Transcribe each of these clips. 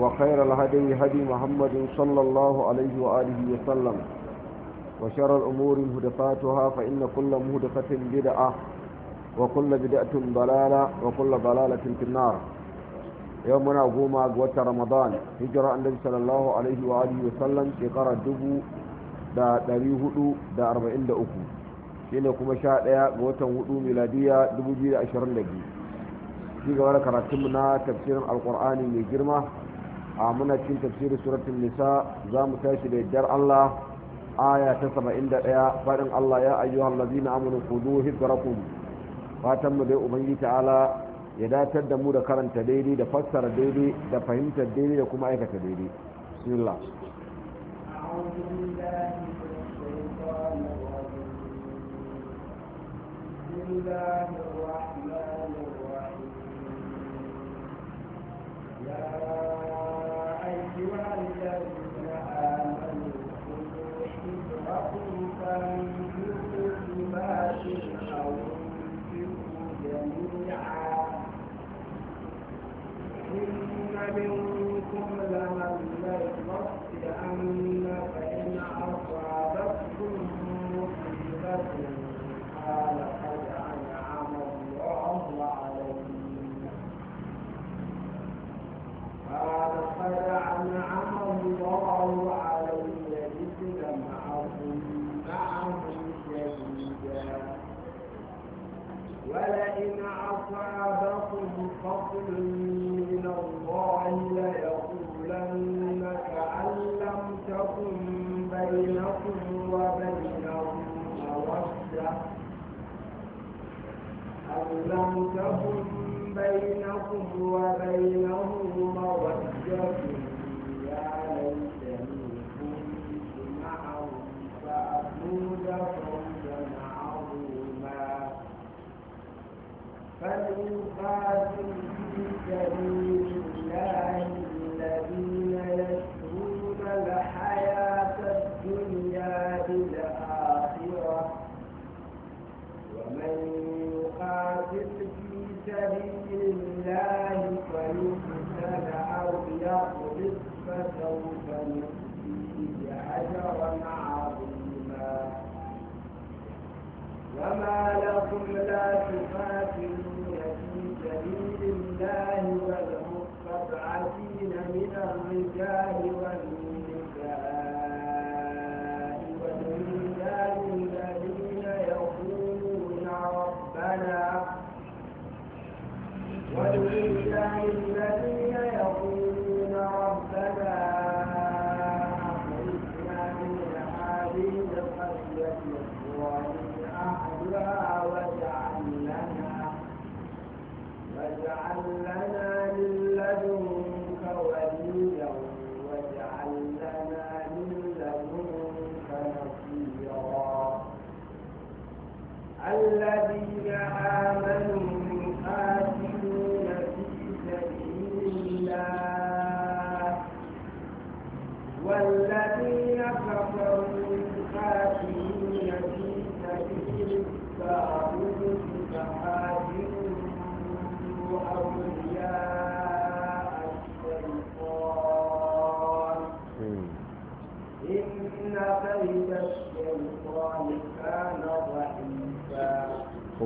وخير الهدي هدي محمد صلى الله عليه وآله وسلم وشر الأمور مهدفاتها فإن كل مهدفة بدعة وكل بدعة ضلالة وكل ضلالة في النار يومنا قوما قوة رمضان هجرة النبي صلى الله عليه وآله وسلم شقر الدبو دا دريه دا أربعين دا أكو shine kuma sha ɗaya ga watan hudu miladiya 2022 shi gaba da karatunmu na tafsirin alkur'ani mai girma a muna cikin tafsirin suratul nisa za mu tashi da yaddar Allah aya ta ɗaya faɗin Allah ya ayyuhal ladina amunin khudhu hizrakum fatan mu dai ubangiji ta'ala ya datar da mu da karanta daidai da fassara daidai da fahimtar daidai da kuma aikata daidai bismillah الله سبيل الله والمستضعفين من الرجال والنساء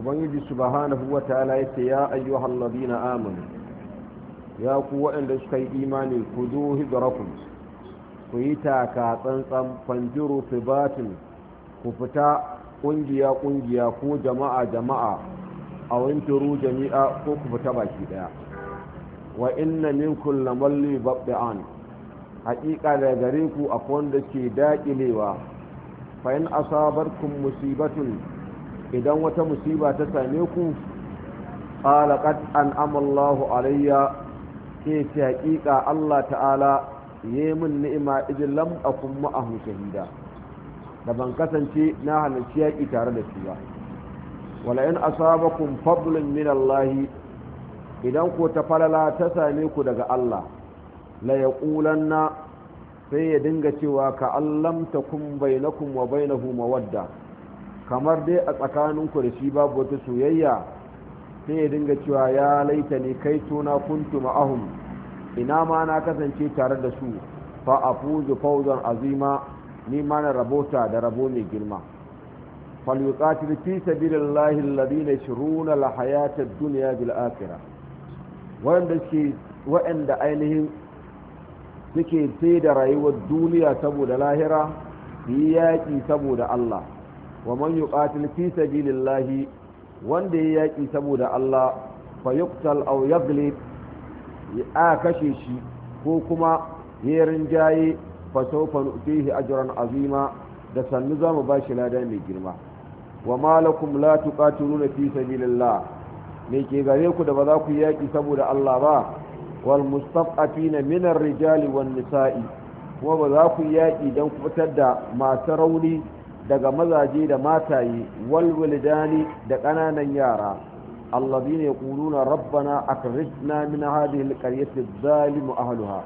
ubangiji subhanahu wa ta'ala ce ya ayyuha alladhina amanu ya ku waɗanda suka yi imani ku zo hijrakum ku yi taka tsantsan fanjiru fibatin ku fita kungiya kungiya ko jama'a jama'a a winturu jami'a ko ku fita baki daya wa inna minkum lamalli babban haƙiƙa da gare ku akwai wanda ke daƙilewa fa in asabarkum musibatun idan wata musiba ta same ku qala an amallahu alayya ke ce haƙiƙa Allah ta'ala yi min ni'ima idin lam akum a shahida da ban kasance na halarci yaƙi tare da shi ba wala in asabakum fadlun min Allah idan ko ta falala ta same ku daga Allah la yaqulanna sai ya dinga cewa ka allamta takum bainakum wa bainahu mawadda kamar dai a tsakaninku da shi babu wata soyayya sai ya dinga cewa ya laita ne kai tona kuntu ma'ahum ina ma na kasance tare da su fa afuzu fawzan azima ni ma na rabota da rabo mai girma falyuqatil fi sabilillahi alladhina yashruna alhayata ad-dunya bil akhirah wanda ke wa'anda ainihin suke sai da rayuwar duniya saboda lahira su yi yaƙi saboda Allah wa man yuqatil fi sabilillahi wanda ya yaki saboda Allah fa yuqtal aw yaghlib ya kashe shi ko kuma ya rinjaye fa sawfa nu'tihi ajran azima da sannu za mu bashi lada mai girma wa malakum la tuqatiluna fi sabilillah me ke gare ku da ba za ku yaki saboda Allah ba wal mustaf'afina min ar-rijali wan nisa'i kuma ba za ku yaki dan fitar da masu rauni daga mazaje da mataye walwulidani da ƙananan yara allazina yaquluna rabbana akhrijna min hadhihi alqaryati adh-dhalimu ahliha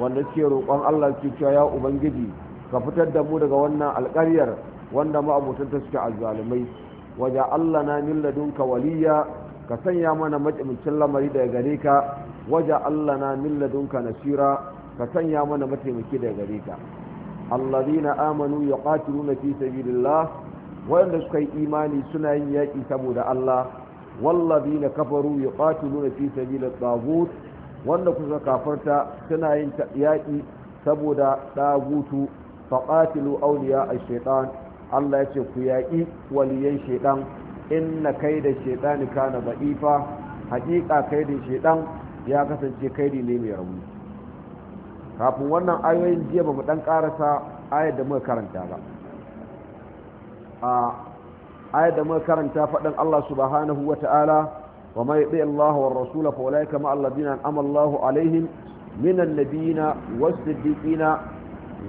wanda suke roƙon Allah su cewa ya ubangiji ka fitar da mu daga wannan alƙaryar wanda ta suke azzalumai waje Allah na min ladunka waliya ka sanya mana mataimakin lamari daga gare ka waje Allah na min ladunka nasira ka sanya mana mataimaki daga gare ka alladina amanu ya ƙatiru na fi sabilillah waɗanda suka yi imani suna yin yaki saboda Allah walladina kafaru ya ƙatiru na fi sabilillah tsagut wanda kusa kafarta suna yin yaƙi saboda tsagutu fa ƙatilu auliya a shaitan Allah yace ku yaƙi waliyan shaitan in na kai da shaitan kana ba'ifa hakika kai da ya kasance kai ne mai rauni kafin wannan ayoyin jiya ba mu dan karasa ayar da muka karanta ba a ayar da muka karanta faɗin Allah subhanahu wa ta'ala wa mai yi Allah wa rasula fa ulaika ma alladina Allahu alaihim min annabiyina was-siddiqina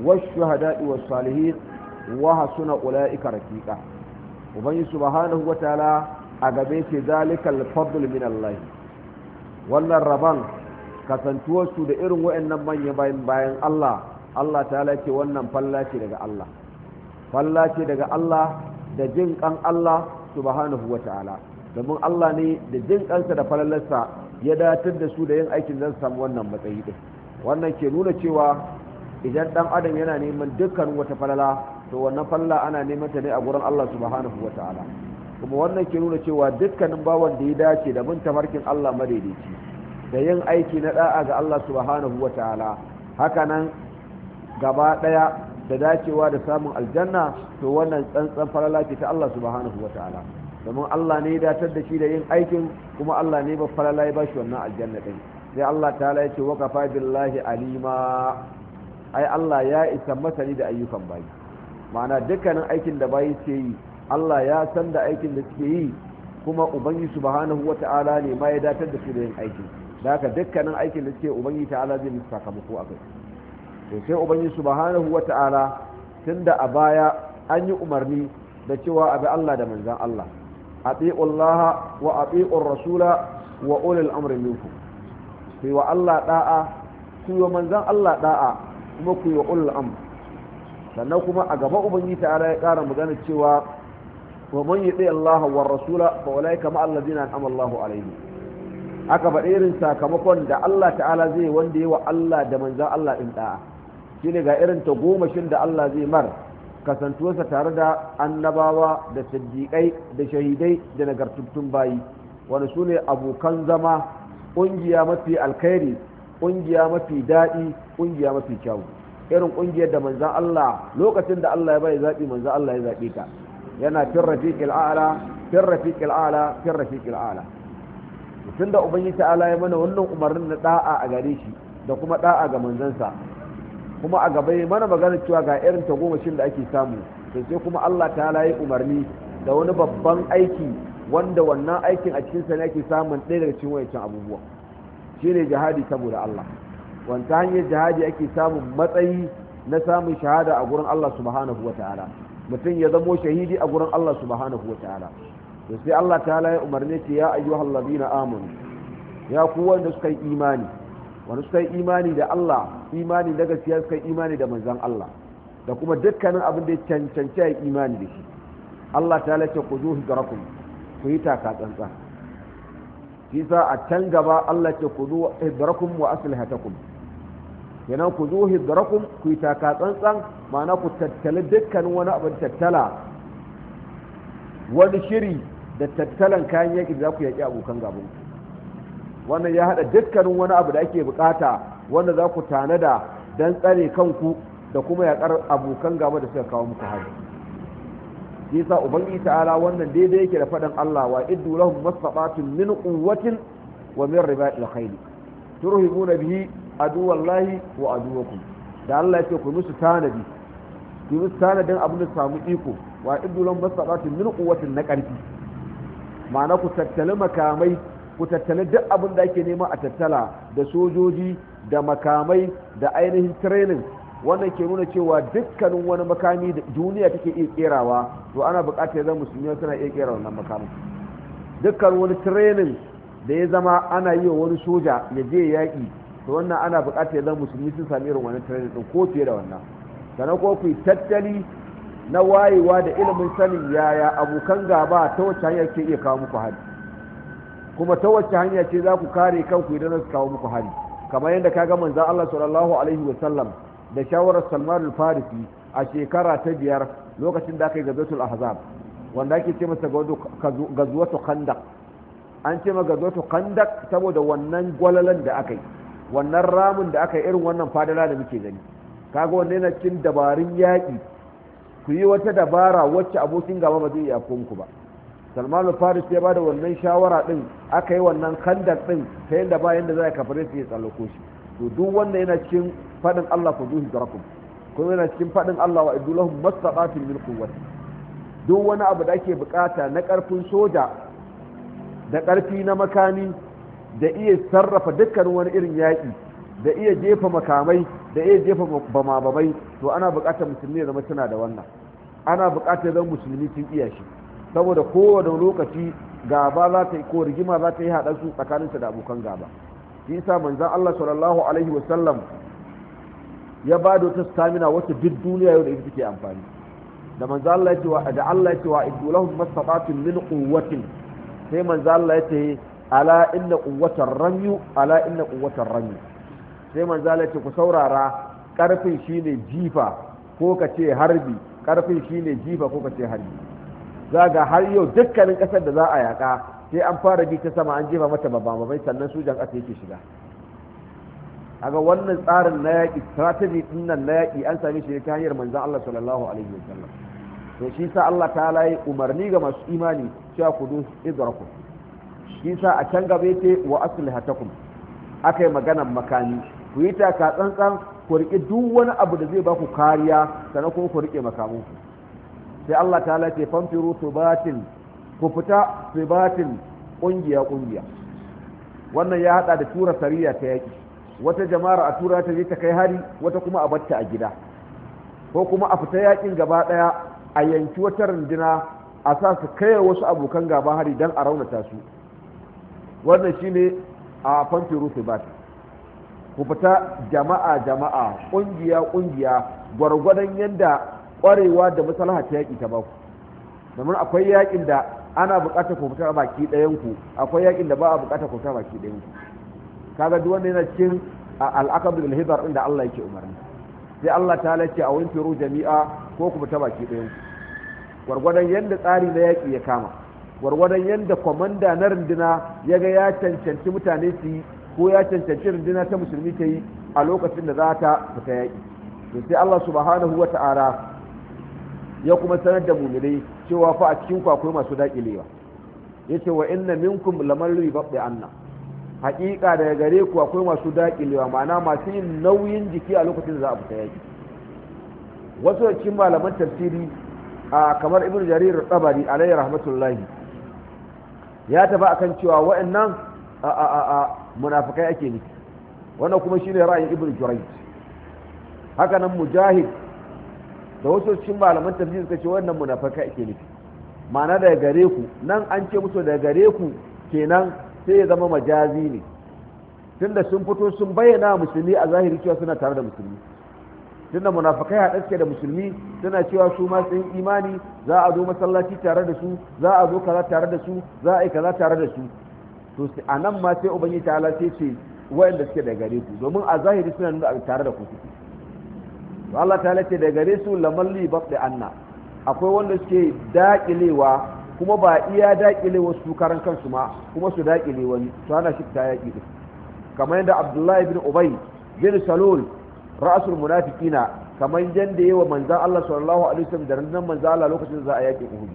wash-shuhada'i was-salihin wa hasuna ulaika rafiqa ubangi subhanahu wa ta'ala a gabe ce zalikal fadl min Allah wannan rabon kasantuwarsu da irin wa'annan manyan bayan bayan Allah Allah ta ce wannan falla ce daga Allah falla ce daga Allah da jin kan Allah subhanahu wa ta'ala domin Allah ne da jin kansa da falalarsa ya datar da su da yin aikin zan samu wannan matsayi din wannan ke nuna cewa idan dan adam yana neman dukkan wata falala to wannan falla ana neman ta ne a gurin Allah subhanahu wa ta'ala kuma wannan ke nuna cewa dukkanin bawan da ya dace da bin tafarkin Allah madaidaici da yin aiki na da'a ga Allah subhanahu wa ta'ala hakanan gaba daya da dacewa da samun aljanna to wannan tsantsan falala ce ta Allah subhanahu wa ta'ala domin Allah ne ya datar da shi da yin aikin kuma Allah ne ba falala ya bashi wannan aljanna din sai Allah ta'ala ya ce wa kafa billahi alima ai Allah ya isa masani da ayyukan bayi ma'ana dukkanin aikin da bayi ke yi Allah ya san da aikin da suke yi kuma ubangi subhanahu wata'ala ne ma ya datar da su da yin aikin da haka dukkanin aikin da suke ubangiji ta'ala zai musu sakamako a kai to sai ubangiji subhanahu wa ta'ala da a baya an yi umarni da cewa abi Allah da manzan Allah ati'u Allah wa ati'u rasula wa ulil amri minkum ku wa Allah da'a ku wa manzan Allah da'a kuma ku wa ulil amr sannan kuma a gaba ubangiji ta'ala ya kara magana cewa wa man yuti Allah wa rasula fa kama allah alladhina an amallahu alaihim aka faɗi irin sakamakon da Allah ta'ala zai wanda yi wa Allah da manzan Allah ɗin ɗa'a shi ne ga irin ta goma shin da Allah zai mar kasantuwarsa tare da annabawa da siddiƙai da shahidai da nagartattun bayi wani su ne abokan zama ƙungiya mafi alkhairi ƙungiya mafi daɗi ƙungiya mafi kyau irin ƙungiyar da manzan Allah lokacin da Allah ya bai zaɓi manzan Allah ya zaɓe ka yana fin rafiƙil a'ala fin rafiƙil a'ala fin rafiƙil a'ala tun da ubangiji ta'ala ya mana wannan umarnin na da'a a gare shi da kuma da'a ga manzansa kuma a gaba mana magana cewa ga irin tagomashin da ake samu to sai kuma Allah ta'ala ya umarni da wani babban aiki wanda wannan aikin a cikin sa ne ake samun ɗaya daga cikin wayancin abubuwa shine jihadi saboda Allah wanta hanyar jihadi ake samun matsayi na samun shahada a gurin Allah subhanahu wa ta'ala mutum ya zamo shahidi a gurin Allah subhanahu wa ta'ala to sai Allah ta halaye umarni ce ya ayyuhal ladina amanu ya ku wanda suka yi imani wanda suka yi imani da Allah imani da gaskiya suka yi imani da manzon Allah da kuma dukkanin abin da ya cancanci ya imani da shi Allah ta halaye ku zo garakum ku yi taka tsantsan shi sa a can gaba Allah ce ku zo hijrakum wa aslihatakum kenan ku zo hijrakum ku yi taka tsantsan ma'ana ku tattali dukkanin wani abin tattala wani shiri da tattalin kayan yaki za ku yaƙi abokan gaban wannan ya haɗa dukkanin wani abu da ake buƙata wanda za ku tanada don tsare kanku da kuma yaƙar abokan gaba da suka kawo muku shi yasa ubangiji ta'ala wannan daidai yake da faɗin Allah wa iddu lahum masabatun min quwwatin wa min ribatil khayl turhibuna bihi lahi wa aduwakum da Allah yake ku musu tanadi ku musu tanadin abin da samu iko wa iddu lahum masabatun min quwwatin na ƙarfi ma'ana ku tattali makamai ku tattali duk abin da ake nema a tattala da sojoji da makamai da ainihin training wannan ke nuna cewa dukkanin wani makami da duniya take iya kerawa to ana bukatar ya musulmi suna iya kera wannan makamai dukkan wani training da ya zama ana yi wa wani soja ya je yaƙi to wannan ana bukatar ya zama musulmi sun sami irin wani training din ko fiye da wannan sannan ko ku tattali na wayewa da ilimin sanin yaya abokan gaba ta wacce hanyar ke iya kawo muku hari kuma ta wacce hanya ce za ku kare kanku idan su kawo muku hari kamar yadda ka ga manzon Allah sallallahu alaihi sallam da shawarar Salman al-Farisi a shekara ta biyar lokacin da aka yi gazatul ahzab wanda ake ce masa gazuwatu khandaq an ce masa gazuwatu khandaq saboda wannan gwalalan da aka yi wannan ramin da aka yi irin wannan fadala da muke gani kaga wannan yana cikin dabarun yaƙi ku yi wata dabara wacce abokin gaba ba zai iya kunku ba salmanu faris ya bada wannan shawara din aka yi wannan kandar din ta yadda bayan yadda za a kafare su ya tsallako shi to duk wanda yana cikin fadin allah ku zuhi zarakum kuma yana cikin fadin allah wa idulahum mastata'atin min quwwati duk wani abu da ake bukata na karfin soja da karfi na makani da iya sarrafa dukkan wani irin yaƙi da iya jefa makamai da iya jefa bamababai to ana buƙatar musulmi ya zama tana da wannan ana buƙatar zan musulmi sun iya shi saboda kowane lokaci gaba za ta yi ko rigima za ta yi haɗar su tsakanin da abokan gaba shi yasa manzon Allah sallallahu alaihi wasallam ya ba da wata stamina wata duk duniya yau da ita take amfani da manzo Allah ya ce wa da Allah ya ce wa idulahum min quwwatin sai manzo Allah ya ce ala inna quwwatar ramyu ala inna quwwatar ramyu sai manzala ce ku saurara karfin shine jifa ko ka ce harbi karfin shine jifa ko ka ce harbi za ga har yau dukkanin kasar da za a yaƙa sai an fara bi ta sama an jefa mata babban sannan sojan ƙasa yake shiga aga wannan tsarin na yaƙi strategy din na yaƙi an sami shi ta hanyar manzon Allah sallallahu alaihi wasallam to shi sa Allah ta yi umarni ga masu imani cewa ku du idrakum shi sa a can gaba yace wa aslihatakum akai maganar makani ku yi taka tsantsan ku riƙe duk wani abu da zai ba ku kariya sannan kuma ku riƙe makamun sai Allah ta'ala ce famfiru subatin ku fita subatin ƙungiya ƙungiya wannan ya hada da tura sariya ta yaƙi wata jama'ar a tura ta je ta kai hari wata kuma a batta a gida ko kuma a fita yakin gaba ɗaya a yanki wata rundina a sa su kai wasu abokan gaba hari don a raunata su wannan shine a famfiru subatin ku fita jama'a jama'a ƙungiya ƙungiya gwargwadon yadda ƙwarewa da masalaha ta yaƙi ta baku domin akwai yaƙin da ana buƙatar ku fita baki ɗayan ku akwai yaƙin da ba a buƙatar ku fita baki ɗayan ku kaga duk wanda yana cikin da ilhizar inda Allah yake umarni sai Allah ta lace a wani firu jami'a ko ku fita baki ɗayan ku gwargwadon yadda tsari na yaƙi ya kama gwargwadon yadda kwamanda na rundina ya ga ya cancanci mutane su yi ko ya cancanci rundunar ta musulmi ta yi a lokacin da za ta fita yaƙi to sai Allah subhanahu wa ta'ala ya kuma sanar da muminai cewa fa a cikin ku akwai masu daƙilewa yace wa inna minkum laman yubbi anna haƙiƙa daga gare ku akwai masu daƙilewa ma'ana masu yin nauyin jiki a lokacin da za a fita yaƙi wasu cikin malaman tafsiri a kamar ibn jarir tabari alayhi rahmatullahi ya taba akan cewa wa'annan munafikai ake nufi wannan kuma shine ra'ayin ibn jurayj haka nan mujahid da wasu cikin malaman tafsir suka ce wannan munafikai ake nufi ma'ana daga gare ku nan an ce musu daga gare ku kenan sai ya zama majazi ne tunda sun fito sun bayyana musulmi a zahiri cewa suna tare da musulmi tunda munafikai haɗa suke da musulmi suna cewa su ma sun imani za a zo masallaci tare da su za a zo kaza tare da su za a yi kaza tare da su to a nan ma sai ubangiji ta ala sai ce wayanda suke da gare ku domin a zahiri suna nuna tare da ku suke to Allah ta ce da gare su lamalli babda anna akwai wanda suke daƙilewa kuma ba iya daƙilewa su karan kansu ma kuma su daƙile wani to ana shi ta yaƙi din kamar yadda Abdullahi bin Ubay bin Salul ra'asul munafiqina kamar yadda yawa manzan Allah sallallahu alaihi wasallam da nan manzan Allah lokacin da za a yaƙi Uhud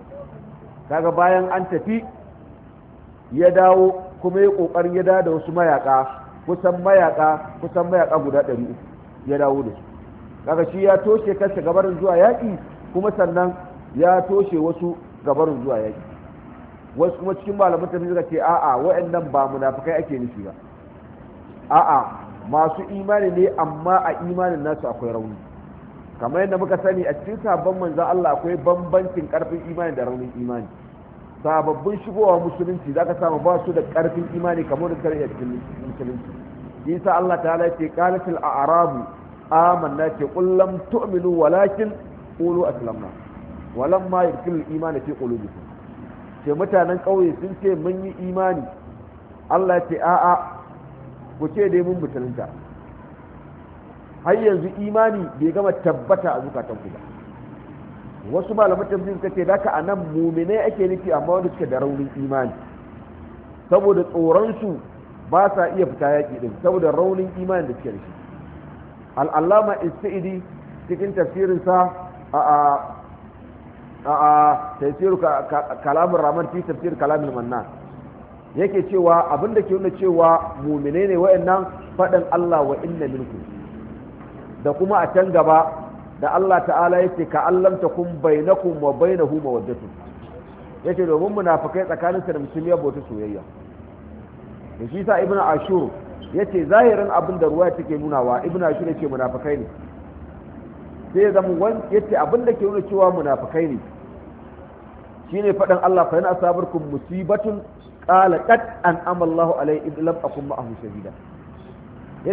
kaga bayan an tafi ya dawo kuma ya kokarin ya da wasu mayaka kusan mayaka kusan mayaka guda 300 ya dawo da su kaga shi ya toshe kansa gabarin zuwa yaƙi kuma sannan ya toshe wasu gabarin zuwa yaƙi wasu kuma cikin malaman ta suka ce a'a wa'annan ba munafikai ake nufi ba a'a masu imani ne amma a imanin nasu akwai rauni kamar yadda muka sani a cikin sabon manzan Allah akwai bambancin karfin imani da raunin imani sababbin shigowa musulunci zaka samu ba su da karfin imani kamar da kare cikin musulunci yasa Allah ta'ala ya ce qalatil a'rabu amanna ce qul tu'minu walakin qulu aslamna walamma yadkhulul iman fi qulubikum ce mutanen kauye sun ce mun yi imani Allah ya ce a'a ku ce dai mun mutunta har yanzu imani bai gama tabbata a zukatanku ba wasu malaman tafsir kace da daka anan muminai ake nufi amma wanda suke da raunin imani saboda tsoron su ba sa iya fita yaƙi din saboda raunin imani da suke da shi al'allama istidi cikin sa a a tafsir kalamin rahman fi tafsir kalamin manna yake cewa abinda da ke nuna cewa mumine ne wa'annan faɗin Allah wa inna minkum da kuma a can gaba da Allah ta'ala ce ka allam kun bainakum wa bainahu mawaddatu ce domin munafikai tsakanin su da ya bauta soyayya da shi sa ibnu ashur ce zahirin abin da ruwa take nunawa ibnu ashur yake munafikai ne sai ya zama wani ce abin da ke nuna cewa munafikai ne shine faɗin Allah fa yana sabarkum musibatun qala qad an amallahu alayhi in lam akum ma'ahu shahida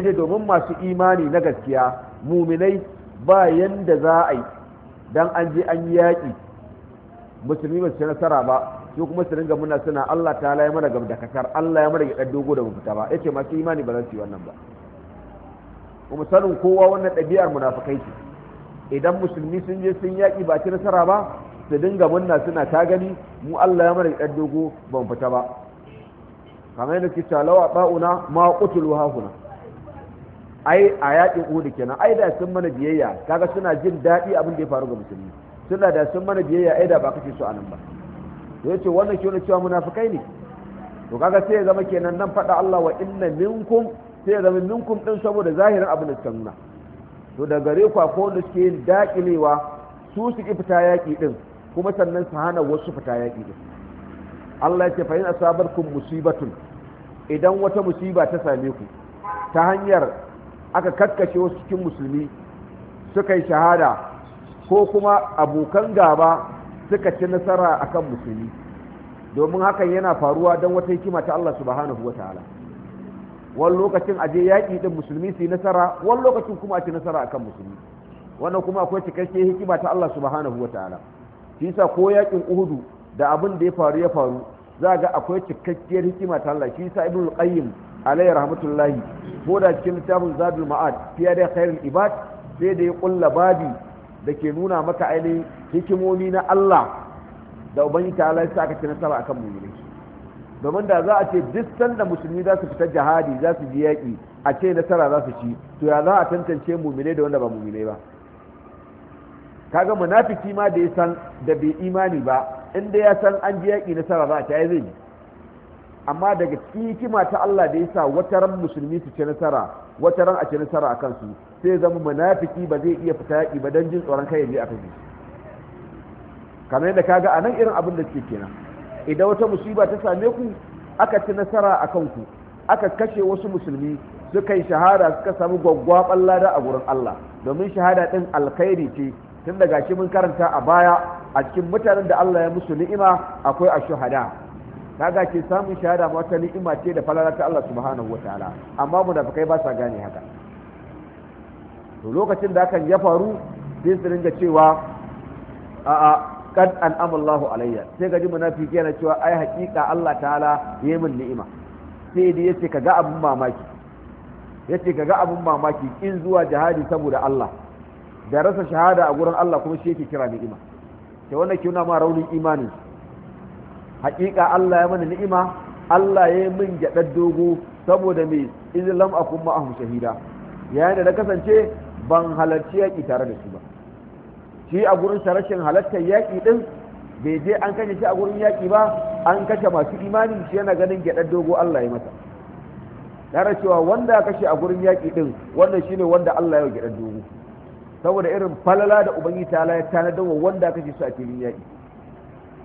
ce domin masu imani na gaskiya muminai ba yanda za a yi don an je an yi yaƙi musulmi ba su nasara ba su kuma su ringa muna suna Allah ta ya mana gaba da kasar Allah ya mara ya ɗan dogo da mafita fita ba yace masu imani ba za su yi wannan ba kuma sanin kowa wannan ɗabi'ar munafukai ce idan musulmi sun je sun yaƙi ba ci nasara ba su dinga munna suna ta gani mu Allah ya mara mana ɗan dogo ban fita ba kamar yadda ke talawa ba'una ma qutulu hahuna ai a yaƙin udu kenan ai da sun mana biyayya kaga suna jin daɗi abin da ya faru ga musulmi suna da sun mana biyayya ai da ba kace su anan ba to yace wannan shi ne cewa munafikai ne to kaga sai ya zama kenan nan faɗa Allah wa inna minkum sai ya zama minkum din saboda zahirin abin da suka nuna to da gare ku ko wanda suke yin daƙilewa su su ki fita yaƙi din kuma sannan su hana wasu fita yaƙi din Allah ya ce fa in asabarkum musibatun idan wata musiba ta same ku ta hanyar aka kakkashe wasu cikin musulmi suka yi shahada ko kuma abokan gaba suka ci nasara akan musulmi domin hakan yana faruwa don wata hikima ta Allah subhanahu wa ta'ala wani lokacin aje yaƙi din musulmi su yi nasara wani lokacin kuma a ci nasara akan musulmi wannan kuma akwai cikakke hikima ta Allah subhanahu wa ta'ala shi yasa ko yaƙin uhudu da abin da ya faru ya faru za ga akwai cikakkiyar hikima ta Allah shi yasa ibnu qayyim alayhi rahmatullahi ko da cikin littafin zadul ma'ad fiya da khairul ibad sai da ya kulla babi da ke nuna maka ainihin hikimomi na Allah da ubangi ta Allah sai aka ci nasara akan mu'mini domin da za a ce duk da musulmi za su fita jihadi za su ji yaƙi a ce nasara za su ci to ya za a tantance mumine da wanda ba mumine ba kaga munafiki ma da ya san da bai imani ba inda ya san an ji yaƙi nasara za a ci ai zai yi amma daga hikima ta Allah da yasa wata ran musulmi su ci nasara wata ran a ci nasara akan su sai zama munafiki ba zai iya fita yaki ba dan jin tsoron kai ne aka ji kamar yadda kaga anan irin abin da ke kenan idan wata musiba ta same ku aka ci nasara akan ku aka kashe wasu musulmi suka yi shahada suka samu gwaggwaban lada a gurin Allah domin shahada din alkhairi ce tun daga shi mun karanta a baya a cikin mutanen da Allah ya musu ni'ima akwai ashuhada kaga ce samun shahada ma wata ni'ima ce da falala ta Allah subhanahu wataala amma munafikai ba sa gane haka to lokacin da hakan ya faru sai su ringa cewa a a kad an amallahu alayya sai na munafiki yana cewa ai hakika Allah ta'ala yayi min ni'ima sai dai yace kaga abun mamaki yace kaga abun mamaki in zuwa jihadi saboda Allah da rasa shahada a gurin Allah kuma shi yake kira ni'ima sai wannan ke ma raunin imani haƙiƙa Allah ya mana ni'ima Allah ya yi min gyaɗar dogo saboda me idan lam akun ma'ahum shahida yayin da na kasance ban halarci yaƙi tare da su ba shi a gurin sa rashin halartar yaƙi ɗin bai je an kashe shi a gurin yaƙi ba an kashe masu imani shi yana ganin gyaɗar dogo Allah ya masa tare cewa wanda ya kashe a gurin yaƙi din wannan shine wanda Allah ya gyaɗar dogo saboda irin falala da ubangi ta ya tanadar wa wanda ya kashe su a filin yaƙi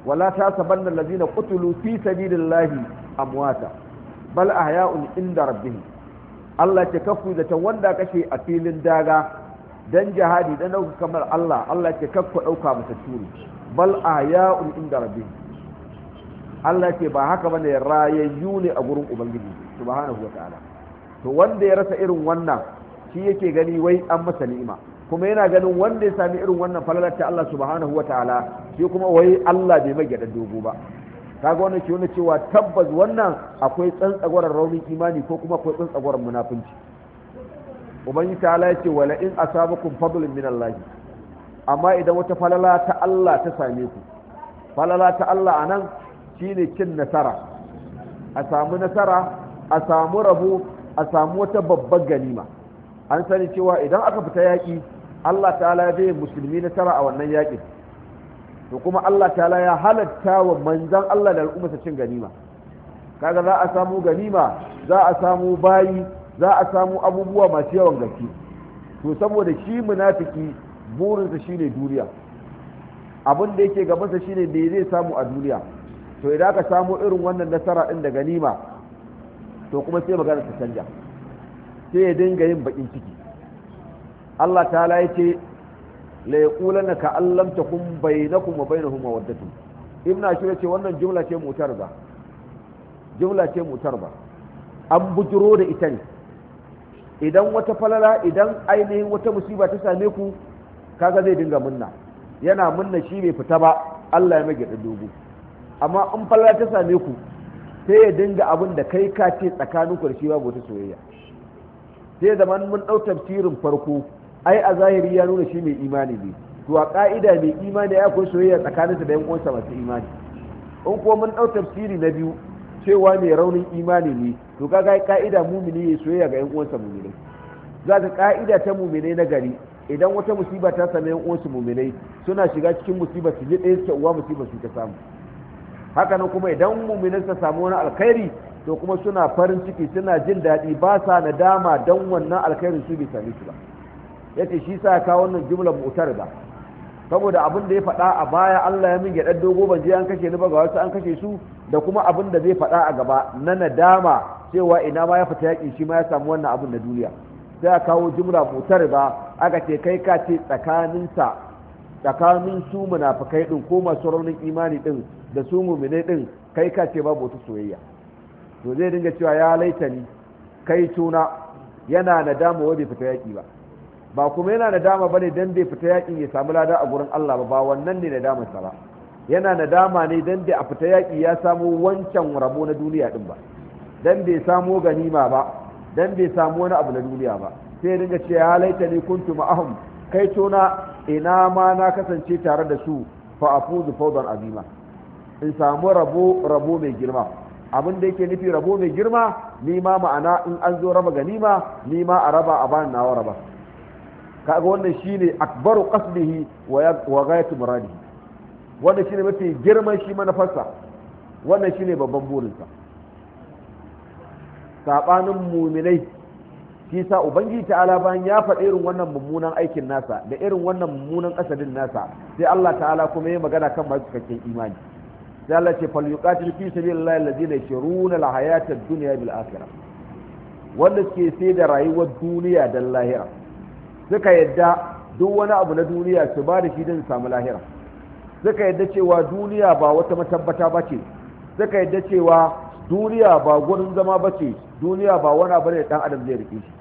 wala ta da allazina qutilu fi sabilillahi amwata bal ahya'un inda rabbihim Allah ce kafu da ta wanda kashe a filin daga dan jihadi dan dauka kamar Allah Allah ce kafu dauka masa turu bal ahya'un inda rabbihim Allah ce ba haka bane rayayyu ne a gurin ubangiji subhanahu wataala to wanda ya rasa irin wannan shi yake gani wai an masa ni'ima kuma yana ganin wanda ya sami irin wannan falalar ta Allah subhanahu wa ta'ala shi kuma wai Allah bai mai gyaɗa dogo ba kaga wannan shi wani cewa tabbas wannan akwai tsantsagwarar raunin imani ko kuma akwai tsantsagwarar munafunci ubangiji ta ala yace wala in asabakum fadlun min Allah amma idan wata falala ta Allah ta same ku falala ta Allah anan shine cin nasara a samu nasara a samu rabo a samu wata babbar ganima an sani cewa idan aka fita yaƙi Allah ta'ala zai musulmi na tara a wannan yakin to kuma Allah ta'ala ya halatta wa manzan Allah da al'ummarsa cin ganima kaga za a samu ganima za a samu bayi za a samu abubuwa masu yawan gaske to saboda shi munafiki burinsa shine duniya abin da yake gabansa shine da zai samu a duniya to idan ka samu irin wannan nasara din da ganima to kuma sai magana ta canja sai ya dinga yin bakin ciki Allah ta ya ce la yaqulanna ka allam takum bainakum wa bainahum mawaddatun ibn ashur ya ce wannan jumla ce mutarba jumla ce mutarba an bujiro da ita ne idan wata falala idan ainihin wata musiba ta same ku kaga zai dinga munna yana munna shi bai fita ba Allah ya mage dogo amma in falala ta same ku sai ya dinga abin da kai ka ce tsakanin ku da shi babu wata soyayya sai zaman mun ɗau tafsirin farko ai a zahiri ya nuna shi mai imani ne to a ka'ida mai imani ya kun soyayya tsakanin da yan uwansa masu imani in kuma mun dau tafsiri na biyu cewa mai raunin imani ne to kaga ka'ida mumini ya soyayya ga yan uwansa mumini za ka ka'ida ta mumini na gari idan wata musiba ta same yan uwansu muminai suna shiga cikin musiba su ji ɗaya suke uwa musiba su ta samu haka nan kuma idan muminai su samu wani alkhairi to kuma suna farin ciki suna jin daɗi ba sa nadama don wannan alkhairin su bai same su ba ya ce shi sa ka wannan jumlar mutar da saboda abin da ya faɗa a baya Allah ya min gyaɗar dogo ban je an kashe ni ba ga wasu an kashe su da kuma abin da zai faɗa a gaba na nadama cewa ina ma ya fita yaƙi shi ma ya samu wannan abin na duniya sai a kawo jumla mutar ba aka ce kai ka ce tsakaninsa tsakanin su munafikai din ko masu raunin imani din da su muminai din kai ka ce babu wata soyayya to zai dinga cewa ya laita ni, kai tuna yana nadama wa bai fita yaƙi ba ba kuma yana nadama bane dan bai fita yakin ya samu lada a gurin Allah ba ba wannan ne nadamar sa ba yana nadama ne dan bai a fita yaki ya samu wancan rabo na duniya din ba dan bai samu ganima ba dan bai samu wani abu na duniya ba sai dinga ce ya laita ni kuntu ma'ahum kai tona ina ma na kasance tare da su fa afuzu fawdan azima in samu rabo rabo mai girma abin da yake nufi rabo mai girma ni ma ma'ana in an zo raba ganima ni ma a raba a bani nawa raba kaga wannan shine akbaru qasdihi wa ghayatu muradihi wannan shine mafi girman shi manufarsa wannan shine babban burinsa sabanin muminai shi sa ubangiji ta'ala bayan ya faɗi irin wannan mummunan aikin nasa da irin wannan mummunan kasadin nasa sai Allah ta'ala kuma ya magana kan masu cikakken imani sai Allah ce yuqatil fi sabilillahi alladhina yashruna alhayata ad-dunya bil akhirah wanda suke sai da rayuwar duniya dan lahira suka yadda duk wani abu na duniya su ba da shi don samu lahira suka yadda cewa duniya ba wata matabbata ba ce suka yadda cewa duniya ba gurin zama ba ce duniya ba wani abu ne dan adam zai rike shi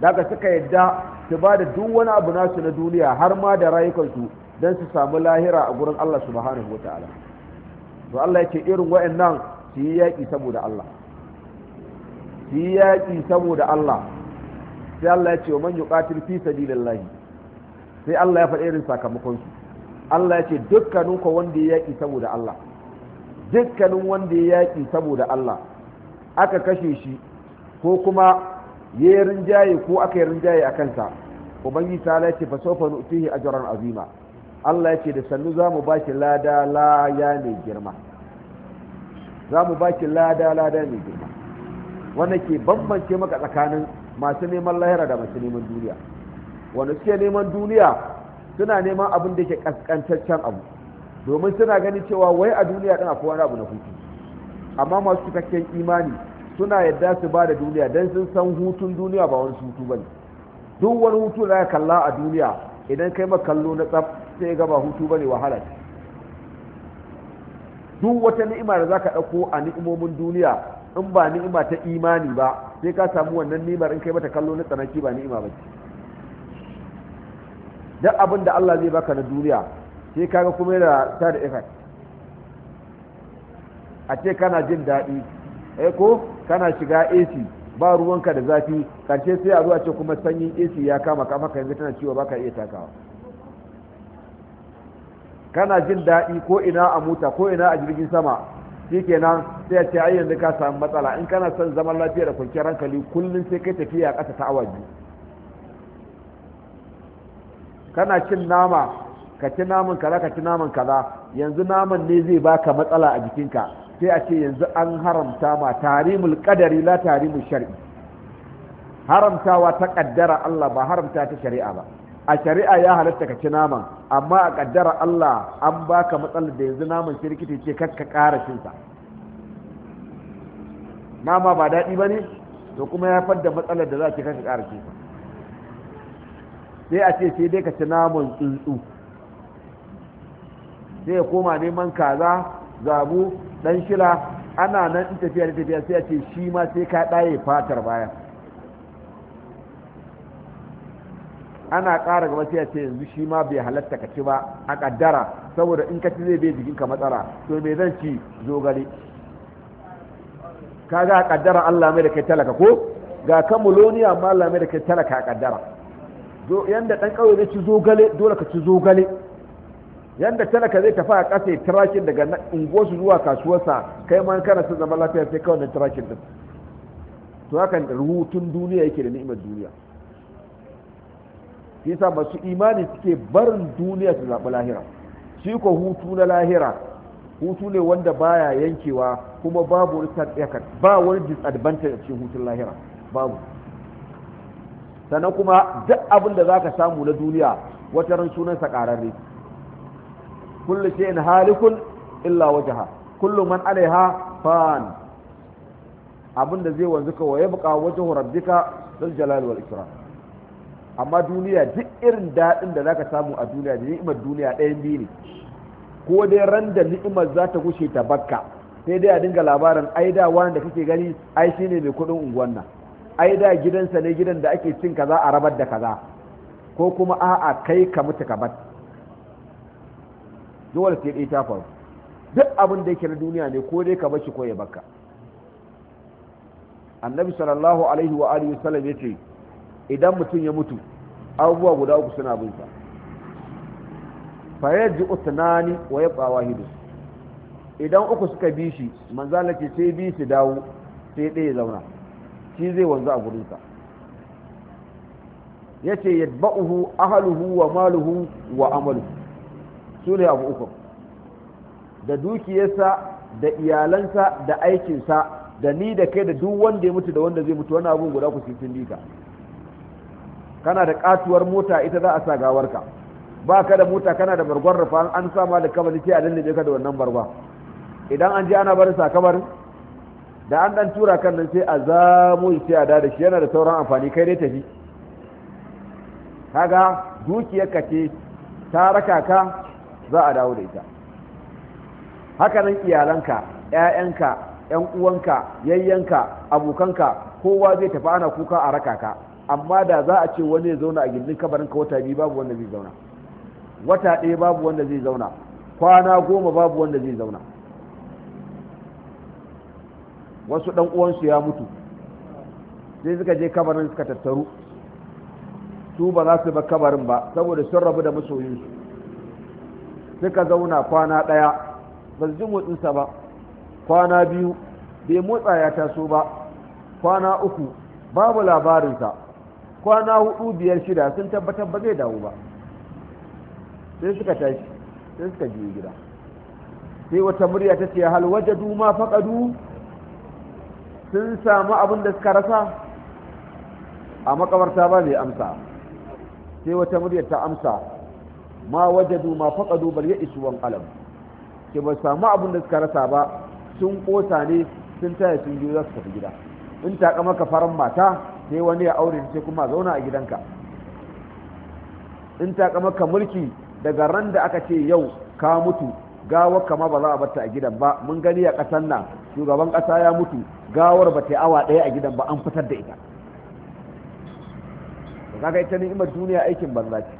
daga suka yadda su ba da duk wani abu nasu na duniya har ma da rayukansu don su samu lahira a gurin Allah subhanahu wataala to Allah yake irin wa'annan su yi yaƙi saboda Allah su yi yaƙi saboda Allah sai Allah ya ce wa man yuqatil fi sabilillahi sai Allah ya faɗi irin sakamakon su Allah ya ce dukkanin ko wanda ya yaki saboda Allah dukkanin wanda ya yaki saboda Allah aka kashe shi ko kuma yi rinjaye ko aka yi rinjaye a kansa ubangiji ta ya ce fa sawfa nu'tihi ajran azima Allah ya ce da sannu za mu baki lada laya mai girma za mu baki lada lada mai girma wanda ke bambance maka tsakanin masu neman lahira da masu neman duniya wanda suke neman duniya suna neman abin da ke kaskantaccen abu domin suna ganin cewa wai a duniya ɗin akwai wani abu na hutu amma masu cikakken imani suna yadda su ba da duniya don sun san hutun duniya ba wani hutu ba ne duk wani hutu da ya kalla a duniya idan kai kallo na tsaf sai gaba hutu ba ne wahala duk wata ni'ima da za ka ɗauko a ni'imomin duniya in ba ni'ima ta imani ba sai ka samu wannan nimar in kai mata kallo na tsanaki ba ni'ima ba ce duk abin da Allah zai baka na duniya sai kaga kuma yana ta da effect a ce kana jin daɗi eh ko kana shiga AC ba ruwanka da zafi karshe sai a zuwa ce kuma sanyin AC ya kama ka yanzu tana ciwo baka iya takawa kana jin daɗi ko ina a mota ko ina a jirgin sama shikenan sai ya ce ai yanzu ka samu matsala in kana son zaman lafiya da kwanciyar hankali kullum sai kai tafiya a ƙasa ta awa biyu kana cin nama ka ci naman kaza ka ci naman kaza yanzu naman ne zai baka matsala a jikinka sai a ce yanzu an haramta ma tarimul qadari la tarimul shar'i haramtawa ta kaddara Allah ba haramta ta shari'a ba a shari'a ya halatta ka ci naman amma a kaddara Allah an baka matsalar da yanzu naman shirkiti ce ka ƙara sa nama ba daɗi ba ne to kuma ya fadda matsalar da za ce ka ƙara sa sai a ce sai dai ka ci naman tsuntsu sai ya koma neman kaza zabu dan shila ana nan tafiya da tafiya sai a ce shi ma sai ka ɗaye fatar baya ana ƙara gaba sai ce yanzu shi ma bai halatta ka ci ba a ƙaddara saboda in ka ci zai bai jikinka matsala to me zan ci zogale ga a ƙaddara Allah mai da kai talaka ko ga kan muloni amma Allah mai da kai talaka a ƙaddara yanda ɗan ƙauye zai ci zogale dole ka ci zogale yanda talaka zai tafi a ƙasa tirakin daga unguwarsu zuwa kasuwarsa kai ma kana son zama lafiya sai kawai na tirakin din to hakan rubutun duniya yake da ni'imar duniya shi yasa masu imani suke barin duniya su zaɓi lahira shi ko hutu na lahira hutu ne wanda baya yankewa kuma babu wani tsakiyakar ba wani disadvantage a cikin hutun lahira babu sannan kuma duk abin da zaka samu na duniya wata ran sunan sa ƙararre kullu shay'in halikun illa wajha kullu man alaiha fan abin da zai wanzu kawai ya buƙa wajen rabbika zal jalal wal ikram amma duniya duk irin daɗin da zaka samu a duniya da ni'imar duniya ɗayan biyu ne ko dai ran da ni'imar za ta gushe ta bakka sai dai a dinga labarin ai da wani da kake gani ai shine mai kuɗin unguwan nan ai da gidansa ne gidan da ake cin kaza a rabar da kaza ko kuma a'a kai ka mutu ka bat dole sai dai ta faru duk abin da yake na duniya ne ko dai ka bar shi ko ya bakka annabi sallallahu alaihi wa alihi wasallam yace idan mutum ya mutu abubuwa guda uku suna bin sa ji utunani wa yabqa wahidu idan uku suka bi shi manzalaki ce sai bi su dawo sai ɗaya zauna shi zai wanzu a gurin sa yace yatba'uhu ahluhu wa maluhu wa amalu sune abu uku da dukiyarsa da iyalansa da aikinsa da ni da kai da duk wanda ya mutu da wanda zai mutu wani abun guda ku sun dika kana da katuwar mota ita za a sa gawarka ba ka da mota kana da bargon rufa an sa ma da kamar ce a lullube ka da wannan barba idan an je ana barin sa da an dan tura kan nan sai a zamo sai a da shi yana da sauran amfani kai dai tafi kaga dukiyarka ce ta raka ka za a dawo da ita haka nan iyalanka ƴaƴanka ƴan uwanka yayyanka abokanka kowa zai tafi ana kuka a raka ka amma da za a ce wani ya zauna a gindin kabarin ka wata biyu babu wanda zai zauna wata ɗaya babu wanda zai zauna kwana goma babu wanda zai zauna wasu ɗan uwansu ya mutu sai suka je kabarin suka tattaru su ba za su ba kabarin ba saboda sun rabu da masoyinsu suka zauna kwana ɗaya ba su ji motsinsa ba kwana biyu bai motsa ya taso ba kwana uku babu labarinsa kwana hudu biyar shida sun tabbatar ba zai dawo ba sai suka tashi sai suka je gida sai wata murya ta ce hal wajadu ma faqadu sun samu abin da suka rasa a makabarta ba zai amsa sai wata murya ta amsa ma wajadu ma faqadu bal ya wan alam ke ba samu abin da suka rasa ba sun kosa ne sun taya sun je za su tafi gida in ta maka faran mata sai wani ya aure ce kuma zauna a gidanka in ta maka mulki daga ran da aka ce yau ka mutu gawa kama ba za a bata a gidan ba mun gani a ƙasar nan shugaban ƙasa ya mutu gawar ba ta awa ɗaya a gidan ba an fitar da ita kaga ita ne ni'imar duniya aikin banza ce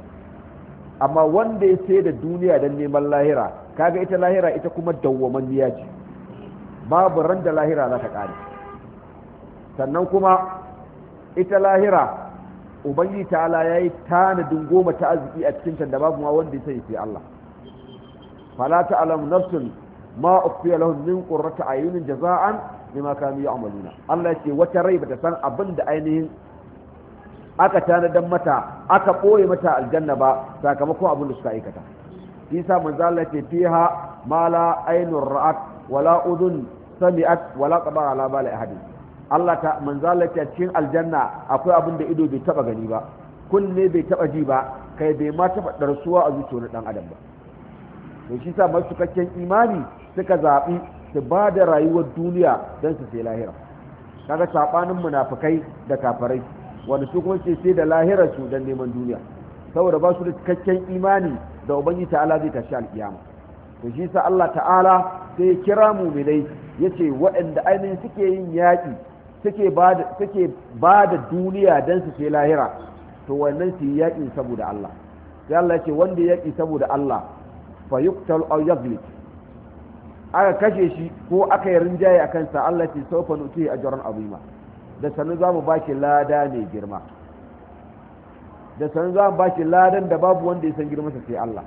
amma wanda ya sai da duniya don neman lahira kaga ita lahira ita kuma dawwamanniya ce babu ran da lahira za ta kare sannan kuma ita lahira ubangiji ta'ala ya yi tanadin goma ta arziki a cikin da babu ma wanda ya sani sai Allah fala ta'lamu nafsun ma ukhfiya lahum min qurrati ayunin jaza'an bima kanu ya'maluna Allah ce wata rai bata san abin da ainihin aka tanadan mata aka koye mata aljanna ba sakamakon abin da suka aikata isa manzo Allah yake fiha ma la ainur, ra'at wala udun sami'at wala qabara ala bali ahadin Allah ta manzala cikin aljanna akwai abin da ido bai taba gani ba kunne bai taba ji ba kai bai ma taba darsuwa a zuciyar dan adam ba to shi sa masu cikakken imani suka zabi su ba da rayuwar duniya don su sai lahira kaga sabanin munafikai da kafirai wanda su kuma ce sai da lahirar su dan neman duniya saboda ba su da cikakken imani da ubangi ta'ala zai tashi alkiyama to shi sa Allah ta'ala sai kira mu milai yace waɗanda ainihin suke yin yaƙi suke ba da duniya don su ce lahira to wannan su yi yaƙi saboda Allah sai Allah ce wanda yaƙi saboda Allah fa yuqtal aw yaghlib aka kashe shi ko aka yi rinjaye a kansa Allah ce sawfa nuti ajran azima da sanin za mu baki lada mai girma da sanin za mu baki ladan da babu wanda ya san girmansa sai Allah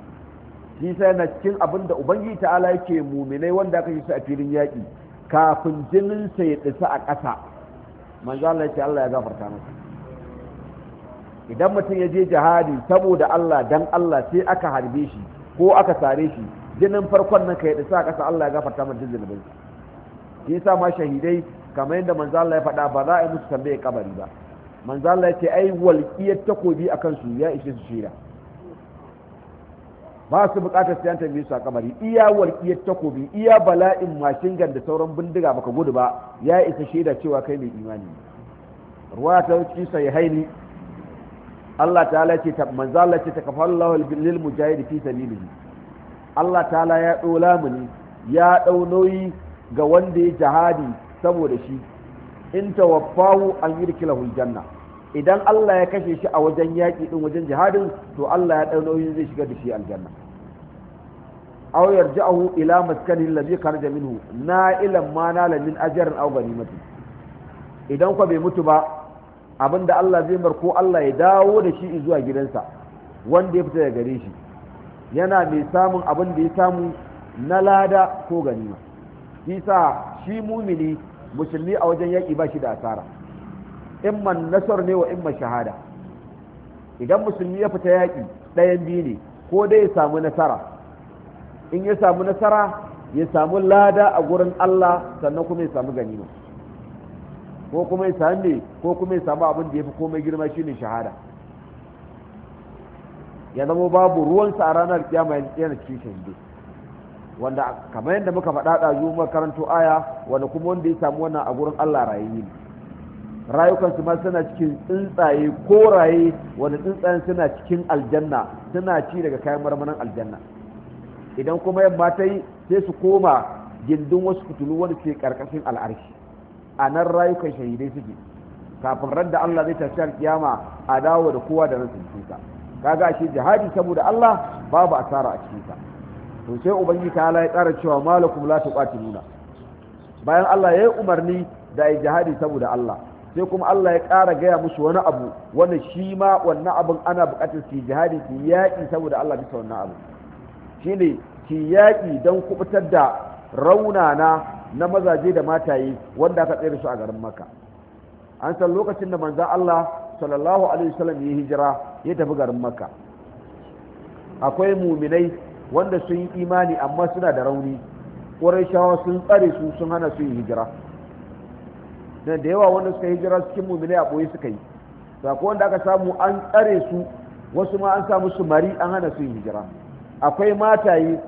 shi sai na cikin abin da ubangiji ta'ala yake muminai wanda aka yi su a filin yaƙi kafin jininsa ya ɗisa a ƙasa manzo ya ce Allah ya gafarta masa idan mutum ya je jihadi saboda Allah dan Allah sai aka harbe shi ko aka sare shi jinin farkon nan ka da sa kasa Allah ya gafarta masa zunubin shi sa ma shahidai kamar yadda manzo ya faɗa ba za a yi musu tambaye kabari ba manzo Allah ya ce ai walqiyat takobi akan su ya ishe su shira ba su bukatar sai an tambaye su a kamari iya walƙiyar takobi iya bala'in mashin gan da sauran bindiga baka gudu ba ya isa shaida cewa kai mai imani ruwa ta wuce sai haini Allah ta'ala ce ta manza Allah ce takafallahu lil mujahid fi sabilihi Allah ta'ala ya dola lamuni ya dau nauyi ga wanda ya jihadi saboda shi in tawaffahu an yirkilahu janna idan Allah ya kashe shi a wajen yaƙi ɗin wajen jihadin to Allah ya ɗau nauyin zai shiga da shi aljanna aw yarja'uhu ila maskanihi ladhi kharaja minhu na'ilan ma nala min ajrin aw ghanimati idan ko bai mutu ba abinda Allah zai marko Allah ya dawo da shi zuwa gidansa wanda ya fita daga gare shi yana mai samun abin da ya samu na lada ko ganima shi sa shi mumini musulmi a wajen yaƙi ba shi da asara imman nasar ne wa imman shahada idan musulmi ya fita yaƙi ɗayan biyu ne ko dai ya samu nasara in ya samu nasara ya samu lada a gurin Allah sannan kuma ya samu ganima ko kuma ya samu ne ko kuma ya samu abin da ya fi komai girma shine shahada ya zama babu ruwansa a ranar kiyama yana cikin shahidai wanda kamar yadda muka faɗa zuwa makarantu aya wanda kuma wanda ya samu wannan a gurin Allah rayayye ne rayukansu ma suna cikin tsuntsaye koraye wani tsuntsayen suna cikin aljanna suna ci daga kayan marmarin aljanna idan kuma yamma ta yi sai su koma gindin wasu kutulu wanda ke karkashin al'arshi a nan rayukan shahidai suke kafin ran da Allah zai tashi alkiyama a dawo da kowa da ransa ka kaga shi jihadi saboda Allah babu asara a cikin sa to sai ubangi ta Allah ya tsara cewa malakum la tuqatiluna bayan Allah ya yi umarni da ai jihadi saboda Allah sai kuma Allah ya ƙara gaya musu wani abu wanda shi ma wannan abin ana buƙatar su jihadi su yaƙi saboda Allah bisa wannan abu shi ne su yaƙi don kubutar da raunana na mazaje da mataye wanda aka tsere su a garin maka an san lokacin da manzan Allah sallallahu alaihi wasallam ya hijira ya tafi garin maka akwai muminai wanda sun yi imani amma suna da rauni ƙwarai sun tsare su sun hana su yi hijira da da yawa wanda suka hijira cikin mu'minai a boye suka yi sako wanda aka samu an tsare su wasu ma an samu su mari an hana su hijira akwai mataye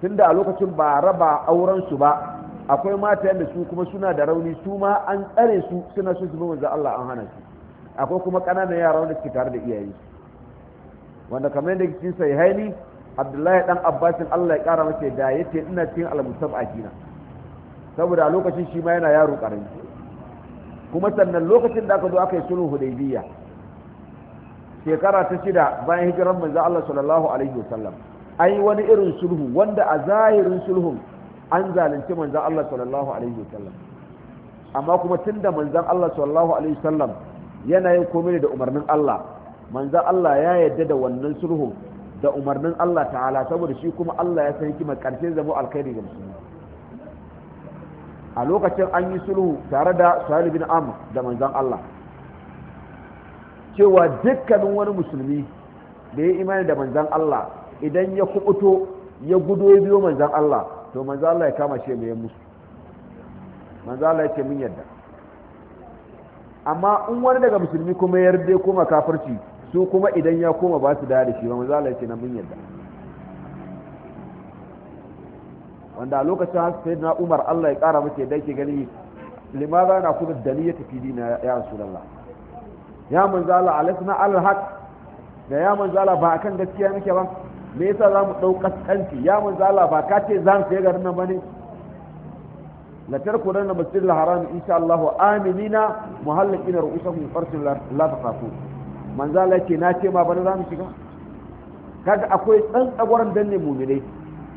tunda a lokacin ba raba auren su ba akwai matayen da su kuma suna da rauni su ma an tsare su suna su zuba manzo Allah an hana su akwai kuma ƙananan yara wanda suke tare da iyaye wanda kamar yadda sa sai haini abdullahi dan abbasin allah ya kara masa da yace ina cikin almusab'a kina saboda a lokacin shi ma yana yaro karami kuma sannan lokacin da aka zo aka yi sulhu hudaybiya shekara ta shida bayan hijiran manzo Allah sallallahu alaihi wasallam an yi wani irin sulhu wanda a zahirin sulhun an zalunci manzo Allah sallallahu alaihi wasallam amma kuma tunda manzon Allah sallallahu alaihi wasallam yana yin komai da umarnin Allah manzo Allah ya yarda da wannan sulhun da umarnin Allah ta'ala saboda shi kuma Allah ya san hikimar karshe zamo alkhairi ga musulmi a lokacin an yi sulhu tare da sahal bin amr da manzon Allah cewa dukkanin wani musulmi da ya imani da manzon Allah idan ya kubuto ya gudo ya biyo manzon Allah to manzon Allah ya kama shi mai musu manzon Allah ya ce mun yadda amma in wani daga musulmi kuma ya yarda kuma kafirci su kuma idan ya koma ba su da shi ba manzon Allah ya ce na mun yadda wanda a lokacin har sai na umar allah ya kara mace da yake gani limaza na kuma dani ya tafi dina ya rasulallah ya manzala na alhaq da ya manzala ba akan gaskiya muke ba me yasa za mu ɗau kaskanci ya manzala ba ka ce za mu sai garin nan ba ne la tarku dan masjidil haram insha Allah aminina muhallikin ru'usahum farsin la taqafu manzala ke na ce ma bana za mu shiga kaga akwai tsantsagoran danne mu'minai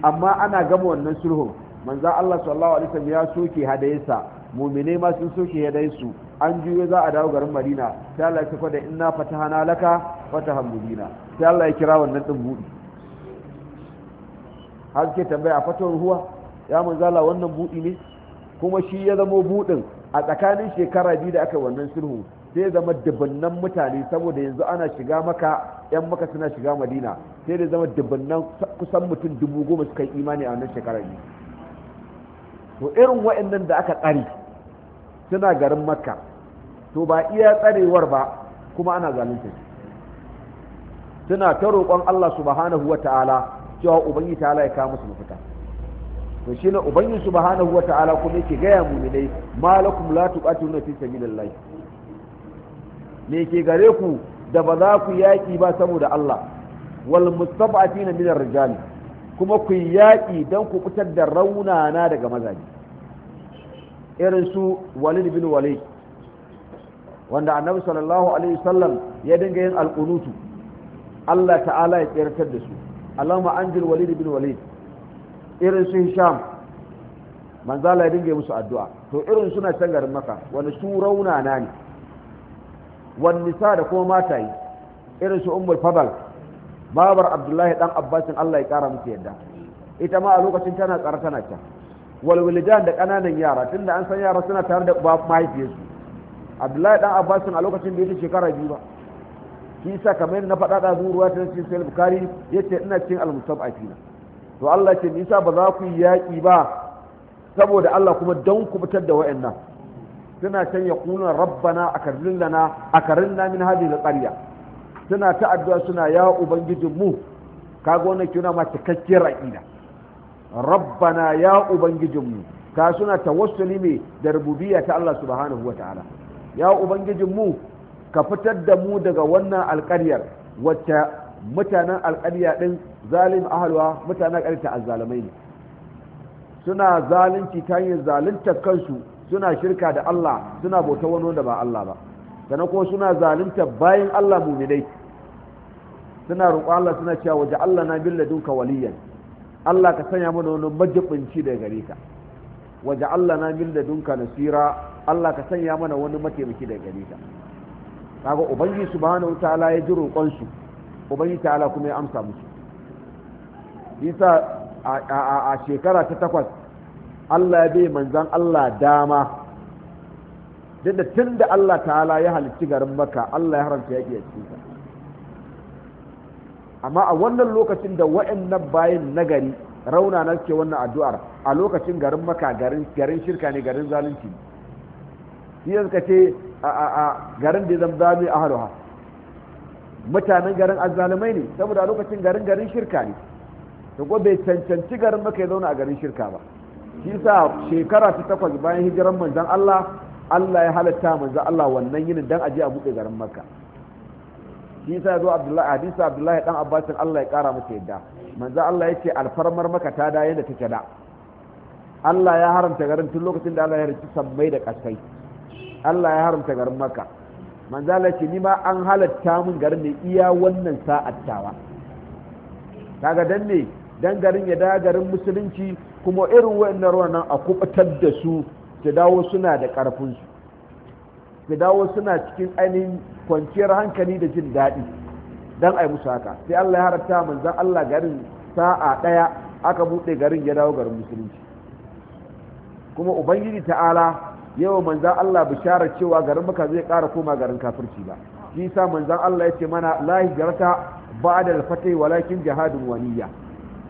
amma ana gama wannan sulhu manzo Allah sallallahu alaihi wasallam ya soke hadayarsa mumine ma sun soke hadayarsu an juyo za a dawo garin Madina sai Allah ya kafa da inna fatahana laka fataha mubina sai Allah ya kira wannan din budi har ke tambaya fatawar huwa ya Allah wannan budi ne kuma shi ya zamo budin a tsakanin shekara biyu da aka wannan sulhu sai zama dubunnan mutane saboda yanzu ana shiga maka yan maka suna shiga madina sai da zama dubunnan kusan mutum dubu goma suka yi imani a wannan shekarar ne to irin wa'annan da aka tsare suna garin makka to ba iya tsarewar ba kuma ana zalunta suna ta roƙon Allah subhanahu wata'ala cewa ubangiji ta'ala ya kawo musu mafita to shine ubangiji subhanahu wata'ala kuma yake gaya mu ne dai malakum la tuqatiluna fi sabilillah me ke gare ku da ba za ku yaƙi ba saboda Allah wal mustafa'atina min ar-rijal kuma ku yaƙi dan ku fitar da raunana daga mazaje irin su Walid bin Walid wanda Annabi sallallahu alaihi wasallam ya dinga yin alqunutu Allah ta'ala ya tsirtar da su alama anjil Walid bin Walid irin su Hisham manzala ya dinga musu addu'a to irin suna can garin maka wani su raunana ne wan nisa da kuma yi irin su ummul fadal babar abdullahi dan abbasin Allah ya kara musu yadda ita ma a lokacin tana tsara tana can walwalidan da kananan yara tunda an san yara suna tare da mahaifiyarsu abdullahi dan abbasin a lokacin da yake shekara biyu ba shi sa kamar na faɗa da ruwa ta cikin sai bukari yace ina cikin almusab'atina to Allah ce nisa ba za ku yi yaƙi ba saboda Allah kuma don ku fitar da wa'annan suna can ya kuna rabbana a karin lana a karin namin hali da tsariya suna ta addu'a suna ya ubangijin mu kaga wannan kina ma cikakkiyar aqida rabbana ya ubangijin mu ka suna tawassuli ne da rububiya ta Allah subhanahu ta'ala. ya ubangijin mu ka fitar da mu daga wannan alƙaryar wacce mutanen alƙarya din zalim ahalwa mutanen ƙarya ta azzalamai ne suna zalunci ta yin zaluntar kansu suna shirka da Allah suna bauta wani wanda ba Allah ba sannan ko suna zalunta bayan Allah muminai suna roƙo Allah suna cewa waje Allah na bin ladunka waliyan Allah ka sanya mana wani majibinci da gare ka waje Allah na bin ladunka nasira Allah ka sanya mana wani mataimaki da gare ka kaga ubangiji subhanahu ta'ala ya ji roƙon su ubangiji ta'ala kuma ya amsa musu bisa a shekara ta takwas Allah ya bai manzan Allah dama da tun da Allah ta'ala ya halicci garin maka Allah ya haramta ya a cika, amma a wannan lokacin da wa'annan bayan nagari rauna na ke wannan addu'ar a lokacin garin maka garin shirka ne garin zalunci shi yanzu ka ce a garin da ya zama zami a haruwa mutanen garin azzalumai ne saboda a lokacin garin garin shirka ne to ko bai cancanci garin maka ya zauna a garin shirka ba shi sa shekara ta takwas bayan hijiran manzon Allah Allah ya halatta manzon Allah wannan yinin dan aje a buɗe garin Makka shi sa zo Abdullahi hadisi Abdullahi dan Abbas Allah ya kara masa yadda manzon Allah yace alfarmar maka ta da yadda take da Allah ya haramta garin tun lokacin da Allah ya rici sammai da ƙasai. Allah ya haramta garin Makka manzo Allah ce ni ma an halatta min garin ne iya wannan sa'attawa kaga dan ne dan garin ya da garin musulunci kuma irin na ruwan nan a kubutar da su su dawo suna da karfin su su dawo suna cikin ainihin kwanciyar hankali da jin daɗi dan ai musu haka sai Allah ya harata manzon Allah garin sa'a daya aka buɗe garin ya dawo garin musulunci kuma ubangiji ta'ala yawan manzan Allah bisharar cewa garin maka zai ƙara koma garin kafirci ba shi sa manzan Allah ya ce mana lahi hijrata ba'da al-fatih walakin jihadin waniya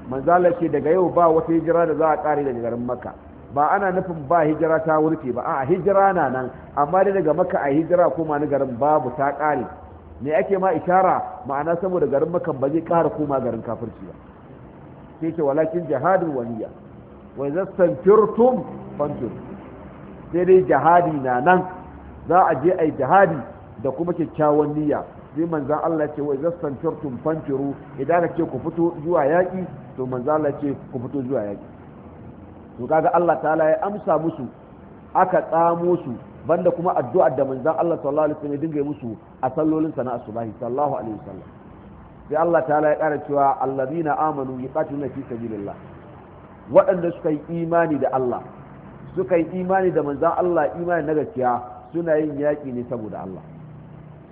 manzala ce daga yau ba wata hijira da za a kare daga garin maka ba ana nufin ba hijira ta wurce ba a hijira na nan amma dai daga maka a hijira koma ni garin babu ta kare me ake ma ishara ma'ana saboda garin makka ba zai kara koma garin kafirci ba sai ce walakin jihadin waliya wa zastantirtum fantur sai dai jihadi na nan za a je a yi jihadi da kuma kyakkyawan niyya sai manzan Allah ce wai zassantar fanciru idan ka ce ku fito zuwa yaƙi to manzan Allah ce ku fito zuwa yaƙi to kaga Allah ta'ala ya amsa musu aka tsamo su banda kuma addu'ar da manzan Allah sallallahu alaihi wasallam ya dinga musu a sallolin sana asubahi sallallahu alaihi wasallam sai Allah ta'ala ya kara cewa allazina amanu yuqatiluna fi sabilillah waɗanda suka yi imani da Allah suka yi imani da manzan Allah imani na gaskiya suna yin yaƙi ne saboda Allah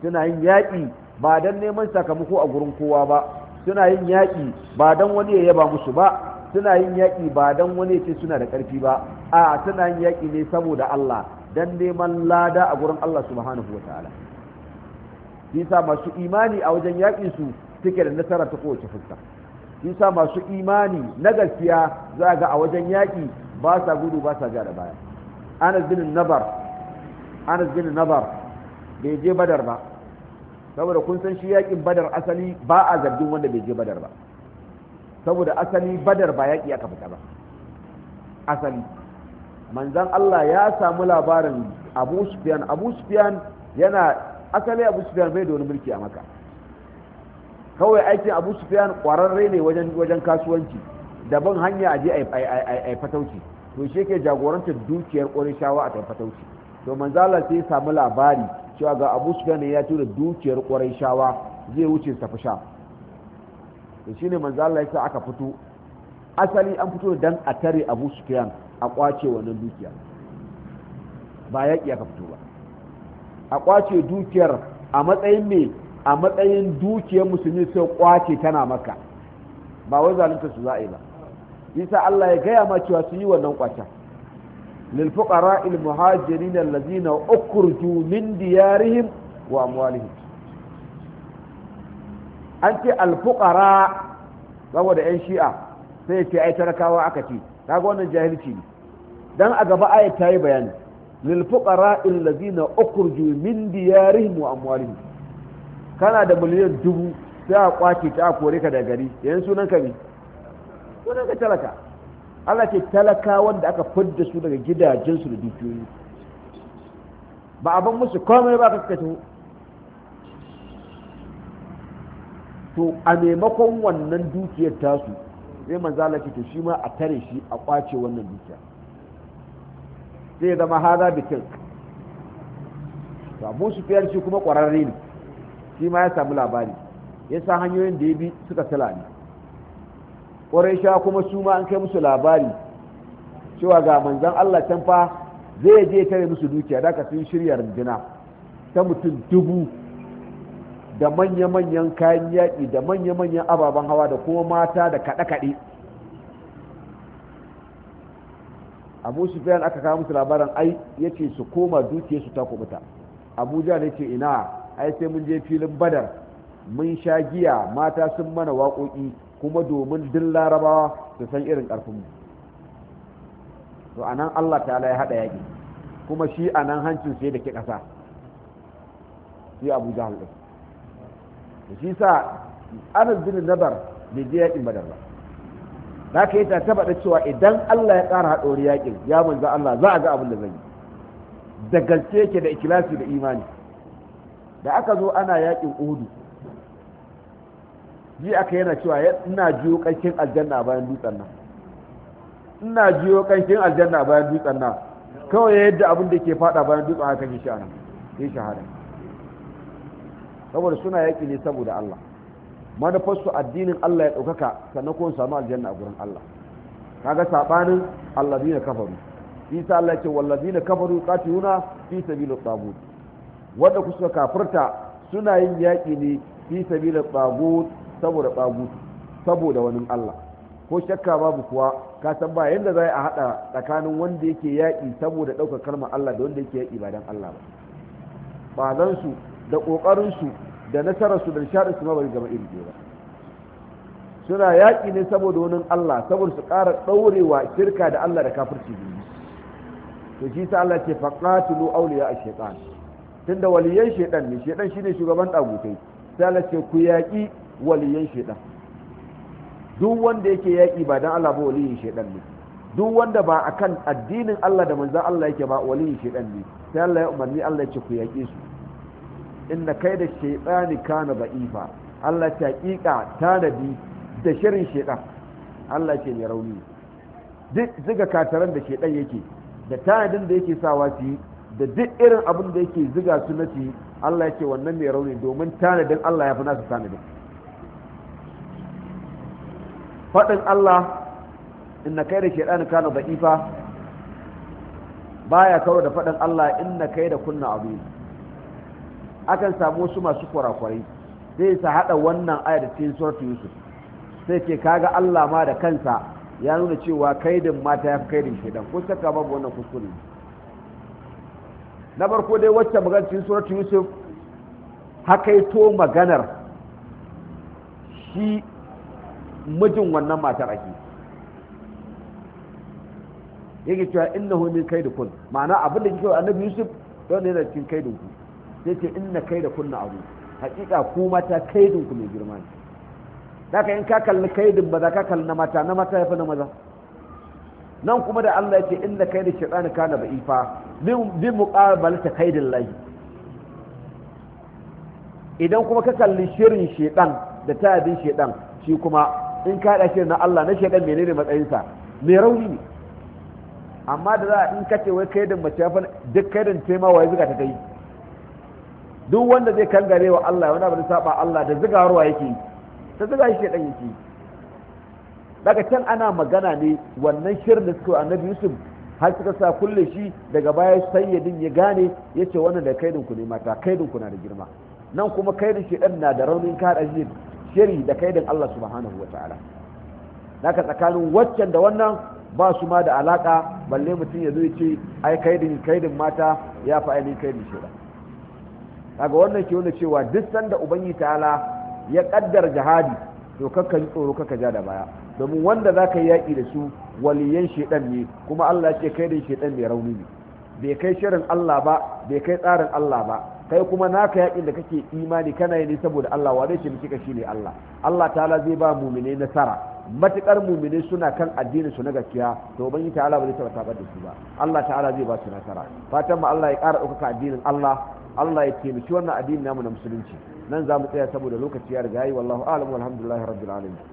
suna yin yaƙi ba don neman sakamako a gurin kowa ba suna yin yaƙi ba don wani ya yaba musu ba suna yin yaƙi ba don wani ce suna da ƙarfi ba a suna yin yaƙi ne saboda Allah don neman lada a gurin Allah subhanahu wa ta'ala yasa masu imani a wajen yaƙin su suke da nasara ta kowace fuska yasa masu imani na gaskiya za ga a wajen yaƙi ba sa gudu ba sa ja baya anas bin nabar anas bin nabar bai je badar ba saboda kun san shi yakin badar asali ba a zargin wanda bai je badar ba saboda asali badar ba yaki aka fita ba asali manzan Allah ya samu labarin abu sufyan abu sufyan yana asali abu sufyan bai da wani mulki a maka kawai aikin abu sufyan kwararre ne wajen wajen kasuwanci daban hanya aje a fatauci to shi ke jagorantar dukiyar ƙorishawa a fatauci to allah sai samu labari cewa ga abu sufyan ya tura dukiyar ƙwarai shawa zai wuce tafi sha da shi ne manzo Allah ya sa aka fito asali an fito da dan a tare abu sufyan a kwace wannan dukiya ba yaƙi aka fito ba a kwace dukiyar a matsayin me a matsayin dukiyar musulmi sai kwace tana maka ba wai zalunta su za'a yi ba yasa Allah ya gaya ma cewa su yi wannan kwacen للفقراء المهاجرين الذين اقرجوا من ديارهم واموالهم انت الفقراء بابو ده ان شيعه سي تي اي تركاوا اكتي كاجو wannan jahilci ne dan a gaba ayata yi bayani lil fuqara allazina ukrju wa amwalihim kana da miliyan dubu sai a kwaki ta kore ka da gari yan sunan ka bi wannan ka talaka Allah ce talakawan da aka fidda su daga gidajensu da dukiyoyi ba abin musu komai ba ka to to a maimakon wannan dukiyar tasu sai manzala ce to shi ma a tare shi a kwace wannan dukiya sai zama haza bikin to abu su fiyar shi kuma kwararre ne shi ma ya samu labari ya sa hanyoyin da ya bi suka tala. ne ƙwarai kuma su ma an kai musu labari cewa ga manzan Allah can fa zai je tare musu dukiya da sun shirya rundunar ta mutum dubu da manya-manyan kayan yaƙi da manya-manyan ababen hawa da kuma mata da kaɗe-kaɗe abu su sufiyan aka kawo musu labarin ai ya su koma dukiya su ta kubuta abuja ne ce ina ai sai mun je filin badar mun sha giya mata sun mana waƙoƙi kuma domin din larabawa su san irin ƙarfinmu to a nan allah ta'ala ya hada yaƙi kuma shi a nan hancin sai da ke ƙasa shi abu jahal ɗin da shi sa ana bin nabar da je yaƙin badar ba za ka yi ta faɗa cewa idan allah ya ƙara haɗori yaƙin ya manzo allah za a ga abin da zan yi da gaske yake da ikilasi da imani da aka zo ana yaƙin uhudu ji aka yana cewa ina jiyo kankin aljanna bayan dutsen nan ina jiyo kankin aljanna bayan dutsen nan kawai yadda abin da ke fada bayan dutsen aka ji shahara ke shahara saboda suna yaƙi ne saboda Allah su addinin Allah ya ɗaukaka sannan ko samu aljanna a gurin Allah kaga sabanin zina kafaru isa Allah ce wallazina kafaru qatiluna fi sabilit tagut wanda kusa kafirta suna yin yaƙi ne fi sabilit tagut saboda tsagutu saboda wani Allah ko shakka babu kuwa ka san ba yadda za a haɗa tsakanin wanda yake yaƙi saboda ɗaukar kalmar Allah da wanda yake yaƙi ba don Allah ba bazansu da ƙoƙarinsu da nasararsu da su ma bari gama iri ba suna yaƙi ne saboda wani Allah saboda su ƙara ɗaurewa shirka da Allah da kafirci biyu to shi sa Allah ce faƙatulu auliya a shaytan tunda waliyan shaidan ne shi shine shugaban ɗagutai sai Allah ce ku yaƙi waliyan shaidan duk wanda yake yaƙi ba dan Allah ba waliyin shaidan ne duk wanda ba akan addinin Allah da manzon Allah yake ba waliyin shaidan ne sai Allah ya umarni Allah ya ce ku yaƙe su inna kaida shaytani kana ba'ifa Allah ta kika tanadi da shirin shaidan Allah ce mai rauni duk zuga kataran da shaidan yake da tanadin da yake sawa su yi da duk irin abin da yake zuga su na su yi Allah yake ce wannan mai rauni domin tanadin Allah ya fi nasu tanadin faɗin Allah inna kai da shaidani kana da'ifa baya kawo da faɗin Allah inna kai da kunna abu akan samu wasu masu kwarakwari zai sa haɗa wannan ayar da cikin suratu yusuf sai ke kaga Allah ma da kansa ya nuna cewa kaidin mata ya fi kaidin shaidan ko saka babu wannan kuskure na farko dai wacce magana cikin suratu yusuf to maganar shi mijin wannan matar ake yake cewa innahu min kaidukun ma'ana abin da kike annabi Yusuf don ne da cikin da ku sai ce inna kun na abu hakika ku mata da ku mai girma ne haka in ka kalli kaidin ba za ka kalli na mata na mata yafi na maza nan kuma da Allah yake inna kaidin shaytan kana ba'ifa bi muqabalata kaidin lahi idan kuma ka kalli shirin shaitan da tayabin shaitan shi kuma in ka haɗa shi na Allah na shaidan menene matsayinsa mai rauni ne amma da za a in kace wai kai da mace fa duk kai da tema wai zuga ta kai duk wanda zai kangare wa Allah wani abu da saba Allah da zuga ruwa yake ta zuga shi shaidan yake daga can ana magana ne wannan shirin da suka annabi Yusuf har suka sa kulle shi daga baya sayyidin ya gane yace wannan da kaidin ku ne mata kaidin ku na da girma nan kuma kaidin dan na da raunin ka haɗa shi shiri da kaidin Allah subhanahu wa ta'ala naka tsakanin waccan da wannan ba su ma da alaka balle mutum ya zo ya ce ai kaidin kaidin mata ya fi ainihin kaidin shi da kaga wannan ke wanda cewa duk sanda ubangi ta'ala ya kaddar jihadi to kakan yi tsoro kaka ja da baya domin wanda zaka yi yaƙi da su waliyan shaidan ne kuma Allah ce kaidin shaidan mai rauni ne bai kai shirin Allah ba bai kai tsarin Allah ba kai kuma naka yakin da kake imani kana yi ne saboda Allah wa zai taimake ka shine Allah Allah ta'ala zai ba mumine nasara matukar mumine suna kan addinin su na gaskiya to ubangi ta'ala ba zai taba tabar da su ba Allah ta'ala zai ba su nasara fatan mu Allah ya ƙara ɗaukaka addinin Allah Allah ya taimaki wannan addinin namu na musulunci nan za mu tsaya saboda lokaci ya riga yi wallahu a'lam walhamdulillahi rabbil alamin